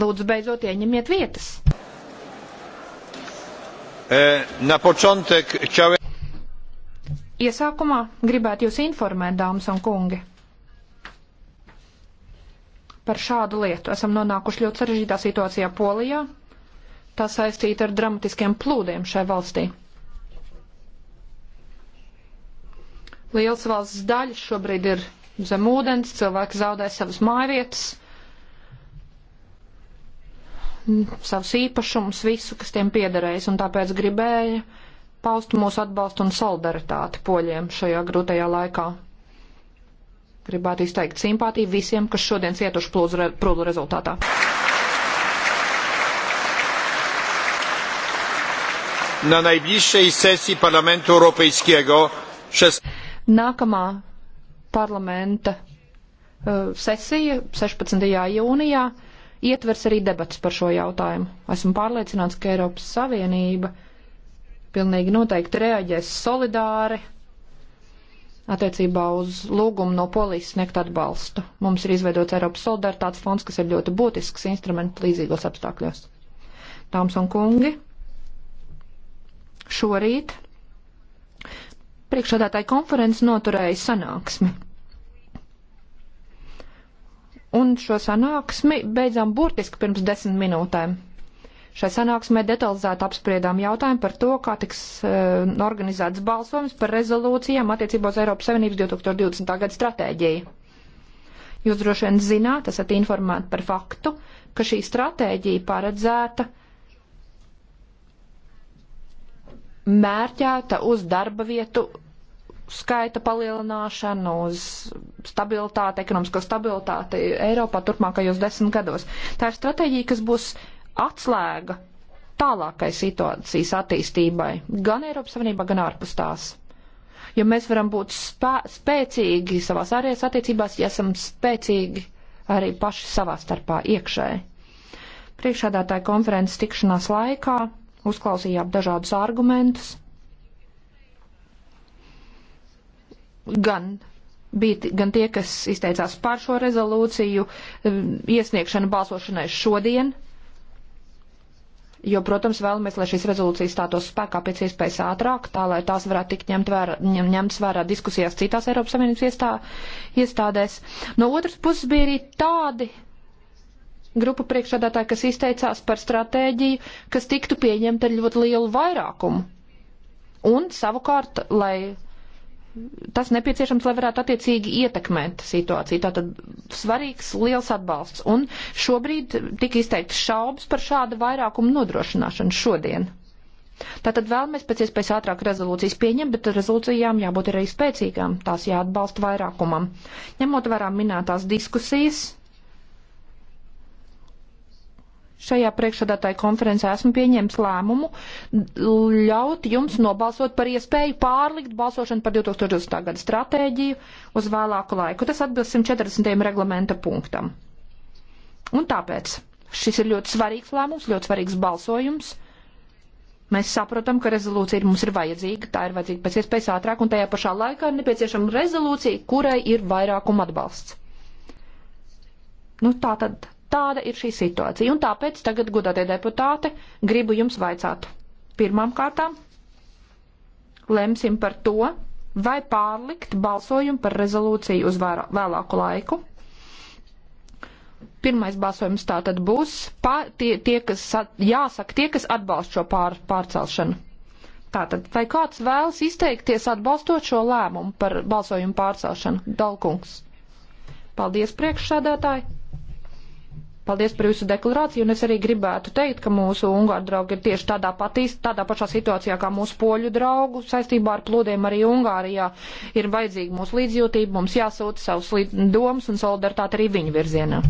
Lūdzu, beidzot ieņemiet vietas. E, na początek chciałem. Iesākumā gribētu jūs informēt, dāmas un kungi, par šādu lietu. Esam nonākuši ļoti sarežģītā situācijā Polijā. Tā saistīta ar dramatiskiem plūdiem šai valstī. Liels valsts daļas šobrīd ir zem ūdens, cilvēki zaudē savas mājvietas savus īpašumus, visu, kas tiem piederējis, un tāpēc gribēja paust mūsu atbalstu un solidaritāti poļiem šajā grūtajā laikā. Gribētu izteikt simpātiju visiem, kas šodien cietuši plūdu rezultātā. Na najbliższej sesji Parlamentu Europejskiego šest... Nākamā parlamenta uh, sesija 16. jūnijā ietvers arī debats par šo jautājumu. Esmu pārliecināts, ka Eiropas Savienība pilnīgi noteikti reaģēs solidāri attiecībā uz lūgumu no polijas sniegt atbalstu. Mums ir izveidots Eiropas solidaritātes fonds, kas ir ļoti būtisks instruments līdzīgos apstākļos. Dāmas un kungi, šorīt priekšādātāja konferences noturēja sanāksmi un šo sanāksmi beidzām burtiski pirms desmit minūtēm. Šai sanāksmē detalizēti apspriedām jautājumu par to, kā tiks uh, organizēts balsojums par rezolūcijām attiecībā uz Eiropas Savienības 2020. gada stratēģiju. Jūs droši vien zināt, esat informēti par faktu, ka šī stratēģija paredzēta mērķēta uz darba vietu skaita palielināšanu, uz stabilitāti, ekonomisko stabilitāti Eiropā turpmākajos desmit gados. Tā ir stratēģija, kas būs atslēga tālākai situācijas attīstībai gan Eiropas Savienībā, gan ārpus tās. Jo mēs varam būt spē spēcīgi savās ārējās attiecībās, ja esam spēcīgi arī paši savā starpā iekšēji. Priekšādātāja konferences tikšanās laikā uzklausījām dažādus argumentus gan bija gan tie, kas izteicās par šo rezolūciju um, iesniegšanu balsošanai šodien, jo, protams, vēlamies, lai šīs rezolūcijas stātos spēkā pēc iespējas ātrāk, tā lai tās varētu tikt ņemt vērā, ņem, ņemts vērā diskusijās citās Eiropas Savienības iestā, iestādēs. No otras puses bija arī tādi grupu priekšādātāji, kas izteicās par stratēģiju, kas tiktu pieņemta ar ļoti lielu vairākumu. Un savukārt, lai tas nepieciešams, lai varētu attiecīgi ietekmēt situāciju. Tātad svarīgs liels atbalsts. Un šobrīd tika izteikts šaubas par šādu vairākumu nodrošināšanu šodien. Tātad vēlamies pēc iespējas ātrāk rezolūcijas pieņemt, bet rezolūcijām jābūt arī spēcīgām, tās jāatbalsta vairākumam. Ņemot vērā minētās diskusijas, šajā priekšsādātāja konferencē esmu pieņēmis lēmumu ļaut jums nobalsot par iespēju pārlikt balsošanu par 2020. gada stratēģiju uz vēlāku laiku. Tas atbilst 140. reglamenta punktam. Un tāpēc šis ir ļoti svarīgs lēmums, ļoti svarīgs balsojums. Mēs saprotam, ka rezolūcija ir, mums ir vajadzīga, tā ir vajadzīga pēc iespējas ātrāk, un tajā pašā laikā ir nepieciešama rezolūcija, kurai ir vairākuma atbalsts. Nu, tā tad Tāda ir šī situācija. Un tāpēc tagad, godātie deputāti, gribu jums vaicāt. Pirmām kārtām lemsim par to, vai pārlikt balsojumu par rezolūciju uz vēra, vēlāku laiku. Pirmais balsojums tā tad būs pa, tie, tie, kas at, jāsaka, tie, kas atbalst šo pār, pārcelšanu. Tātad, vai kāds vēlas izteikties atbalstot šo lēmumu par balsojumu pārcelšanu? Dalkungs. Paldies, priekšsādātāji! Paldies par jūsu deklarāciju, un es arī gribētu teikt, ka mūsu ungāru draugi ir tieši tādā, patīs, tādā pašā situācijā kā mūsu poļu draugu saistībā ar plūdiem arī Ungārijā. Ir vajadzīga mūsu līdzjūtība, mums jāsūta savus domas un solidaritāti arī viņu virzienā.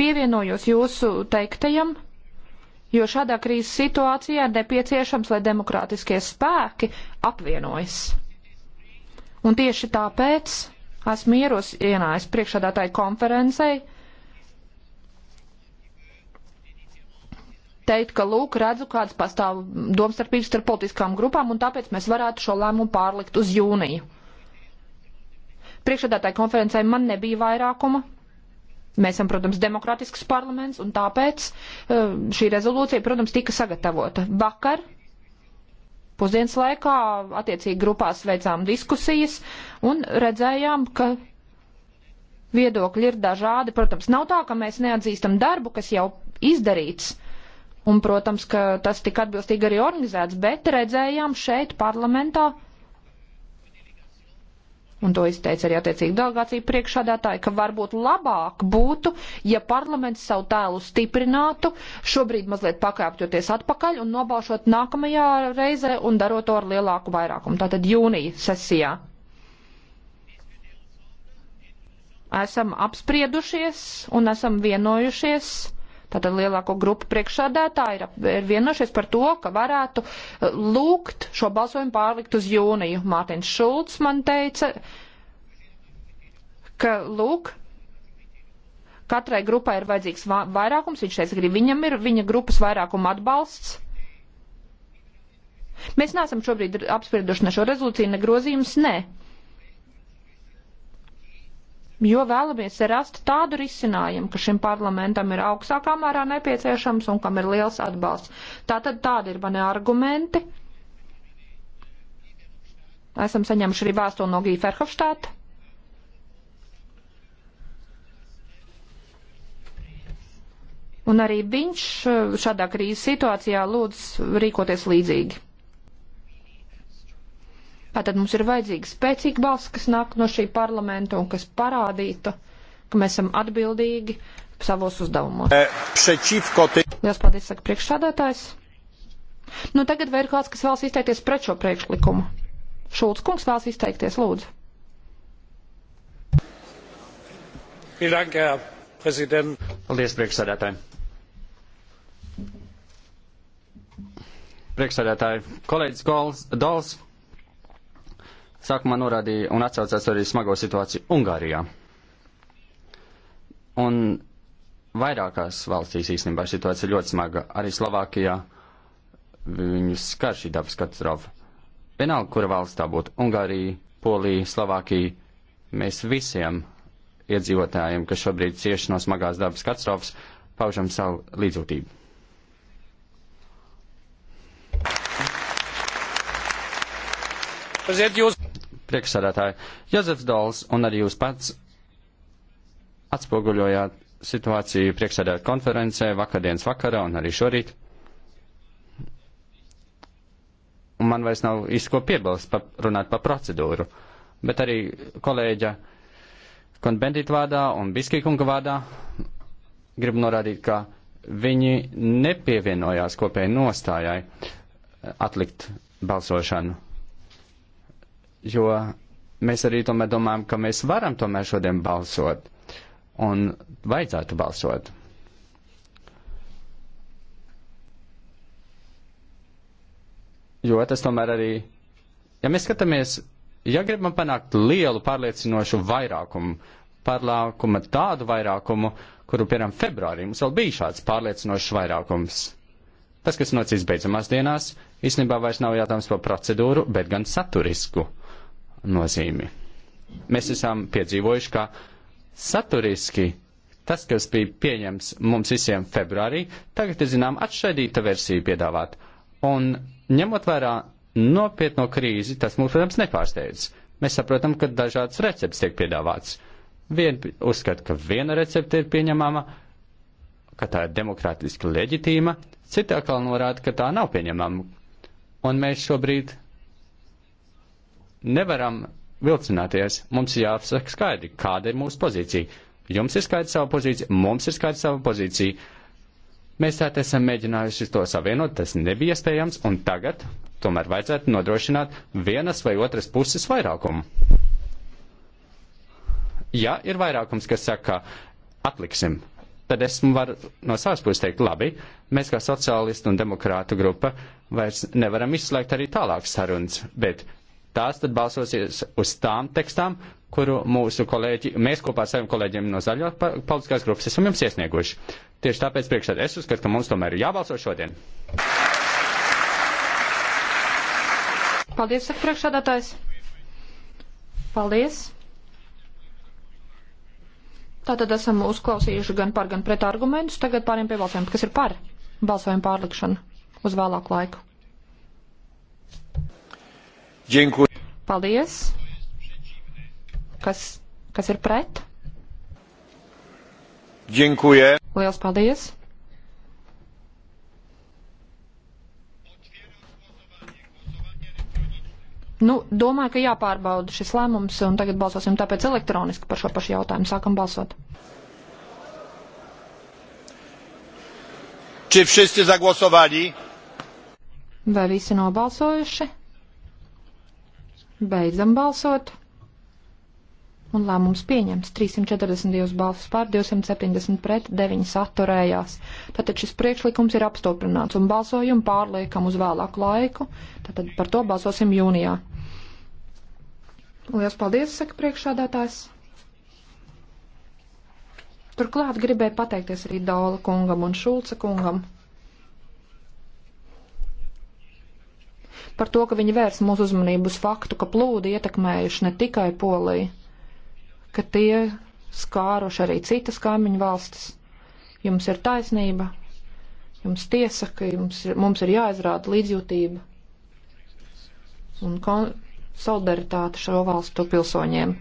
Pievienojos jūsu teiktajam jo šādā krīzes situācijā ir nepieciešams, lai demokrātiskie spēki apvienojas. Un tieši tāpēc esmu ierosinājis priekšādātāju konferencei teikt, ka lūk, redzu, kāds pastāv domstarpības starp politiskām grupām, un tāpēc mēs varētu šo lēmumu pārlikt uz jūniju. Priekšādātāju konferencei man nebija vairākuma, Mēs esam, protams, demokratisks parlaments, un tāpēc e, šī rezolūcija, protams, tika sagatavota. Vakar pusdienas laikā attiecīgi grupās veicām diskusijas un redzējām, ka viedokļi ir dažādi. Protams, nav tā, ka mēs neatzīstam darbu, kas jau izdarīts. Un, protams, ka tas tika atbilstīgi arī organizēts, bet redzējām šeit parlamentā uh, un to izteica arī attiecīgi delegācija priekšādātāja, ka varbūt labāk būtu, ja parlaments savu tēlu stiprinātu, šobrīd mazliet pakāpjoties atpakaļ un nobalšot nākamajā reizē un darot to ar lielāku vairākumu, tātad jūnija sesijā. Esam apspriedušies un esam vienojušies Tātad lielāko grupu priekšsādātāji ir, ir vienošies par to, ka varētu eh, lūgt šo balsojumu pārlikt uz jūniju. Mārtiņš Šulcs man teica, ka lūk, katrai grupai ir vajadzīgs vairākums. Viņš teica, ka viņam ir viņa grupas vairākuma atbalsts. Mēs neesam šobrīd apsprieduši ne šo rezolūciju, ne grozījumus, ne jo vēlamies rast tādu risinājumu, ka šim parlamentam ir augstākā mērā nepieciešams un kam ir liels atbalsts. Tātad tādi ir mani argumenti. Esam saņemši arī vēstuli no Gīja Ferhofštāta. Un arī viņš eh, šādā krīzes situācijā lūdz rīkoties līdzīgi. Tātad mums ir vajadzīga spēcīga balss, kas nāk no šī parlamenta un kas parādītu, ka mēs esam atbildīgi savos uzdevumos. Eh, Lielas paldies, saka priekšsādātājs. Nu, tagad vai ir kāds, kas vēlas izteikties pret šo priekšlikumu? Šulc kungs vēlas izteikties, lūdzu. Paldies, priekšsādātāji. Priekšsādātāji, kolēģis Gols, Dols sākumā norādīja un atsaucās arī smago situāciju Ungārijā. Un vairākās valstīs īstenībā situācija ir ļoti smaga. Arī Slovākijā viņus skar šī dabas katastrofa. Vienalga, kura valsts tā būtu - Ungārija, Polija, Slovākija, mēs visiem iedzīvotājiem, kas šobrīd cieši no smagās dabas katastrofas, paužam savu līdzjūtību. Jūs priekšsādātāji, Jozefs Dols un arī jūs pats atspoguļojāt situāciju priekšsādāt konferencē vakardienas vakarā un arī šorīt. Un man vairs nav izko piebilst pa, runāt par procedūru, bet arī kolēģa Konbendita vārdā un Biskīkunga vārdā gribu norādīt, ka viņi nepievienojās kopēji nostājai atlikt balsošanu jo mēs arī tomēr domājam, ka mēs varam tomēr šodien balsot un vajadzētu balsot. Jo tas tomēr arī, ja mēs skatāmies, ja gribam panākt lielu pārliecinošu vairākumu, pārlākuma tādu vairākumu, kuru, piemēram, februārī mums vēl bija šāds pārliecinošs vairākums. Tas, kas nocīs beidzamās dienās, īstenībā vairs nav jautājums par procedūru, bet gan saturisku. Uh, nozīmi. Mēs esam piedzīvojuši, ka saturiski tas, kas bija pieņems mums visiem februārī, tagad ir, zinām, atšķaidīta versija piedāvāt. Un ņemot vērā nopietno krīzi, tas mūs, protams, nepārsteidz. Mēs saprotam, ka dažādas receptes tiek piedāvāts. Vien uzskat, ka viena recepte ir pieņemama, ka tā ir demokrātiski leģitīma, citā kā norāda, ka tā nav pieņemama. Un mēs šobrīd nevaram vilcināties. Mums ir jāsaka skaidri, kāda ir mūsu pozīcija. Jums ir skaidra sava pozīcija, mums ir skaidra sava pozīcija. Mēs tā esam mēģinājuši to savienot, tas nebija iespējams, un tagad tomēr vajadzētu nodrošināt vienas vai otras puses vairākumu. Ja ir vairākums, kas saka, atliksim, tad es varu no savas puses teikt, labi, mēs kā sociālistu un demokrātu grupa vairs nevaram izslēgt arī tālākas sarunas, bet tās tad balsosies uz tām tekstām, kuru mūsu kolēģi, mēs kopā ar saviem kolēģiem no zaļo politiskās grupas esam jums iesnieguši. Tieši tāpēc priekšādā es uzskatu, ka mums tomēr ir jābalso šodien. Paldies, saka priekšādātājs. Paldies. Tātad esam uzklausījuši gan par, gan pret argumentus. Tagad pāriem pie balsojuma, kas ir par balsojumu pārlikšanu uz vēlāku laiku. Dziękuję. Paldies. Kas, kas ir pret? Dziękuję. Liels paldies. Nu, domāju, ka jāpārbauda šis lēmums, un tagad balsosim tāpēc elektroniski par šo pašu jautājumu. Sākam balsot. Vai visi nobalsojuši? Beidzam balsot. Un lēmums pieņemts 342 balsis pār, 270 pret, 9 atturējās. Tātad šis priekšlikums ir apstiprināts un balsojumu pārliekam uz vēlāku laiku. Tātad par to balsosim jūnijā. Lielas paldies, saka priekšādātājs. Turklāt gribēju pateikties arī Daula kungam un Šulca kungam. par to, ka viņi vērs mūsu uzmanību uz faktu, ka plūdi ietekmējuši ne tikai Poliju, ka tie skāruši arī citas kaimiņu valstis. Jums ir taisnība, jums tiesa, ka jums ir, mums ir jāizrāda līdzjūtība un solidaritāte šo valstu pilsoņiem.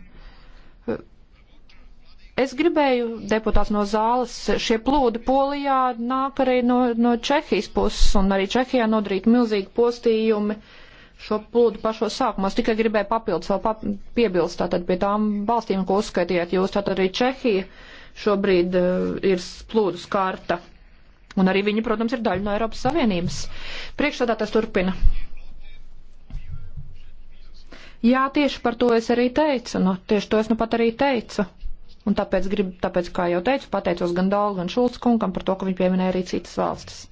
Es gribēju deputāts no zāles, šie plūdi Polijā nāk arī no, no Čehijas puses, un arī Čehijā nodarīt milzīgi postījumi šo plūdu pašo sākumā. Es tikai gribēju papildus vēl pap piebilst tātad pie tām valstīm, ko uzskaitījāt jūs, tātad arī Čehija šobrīd uh, ir plūdus karta. Un arī viņi, protams, ir daļa no Eiropas Savienības. Priekšstādā tas turpina. Jā, tieši par to es arī teicu. Nu, tieši to es nu pat arī teicu Un tāpēc, grib, tāpēc, kā jau teicu, pateicos gan Dālu, gan Šulc kungam par to, ka viņi pieminēja arī citas valstis.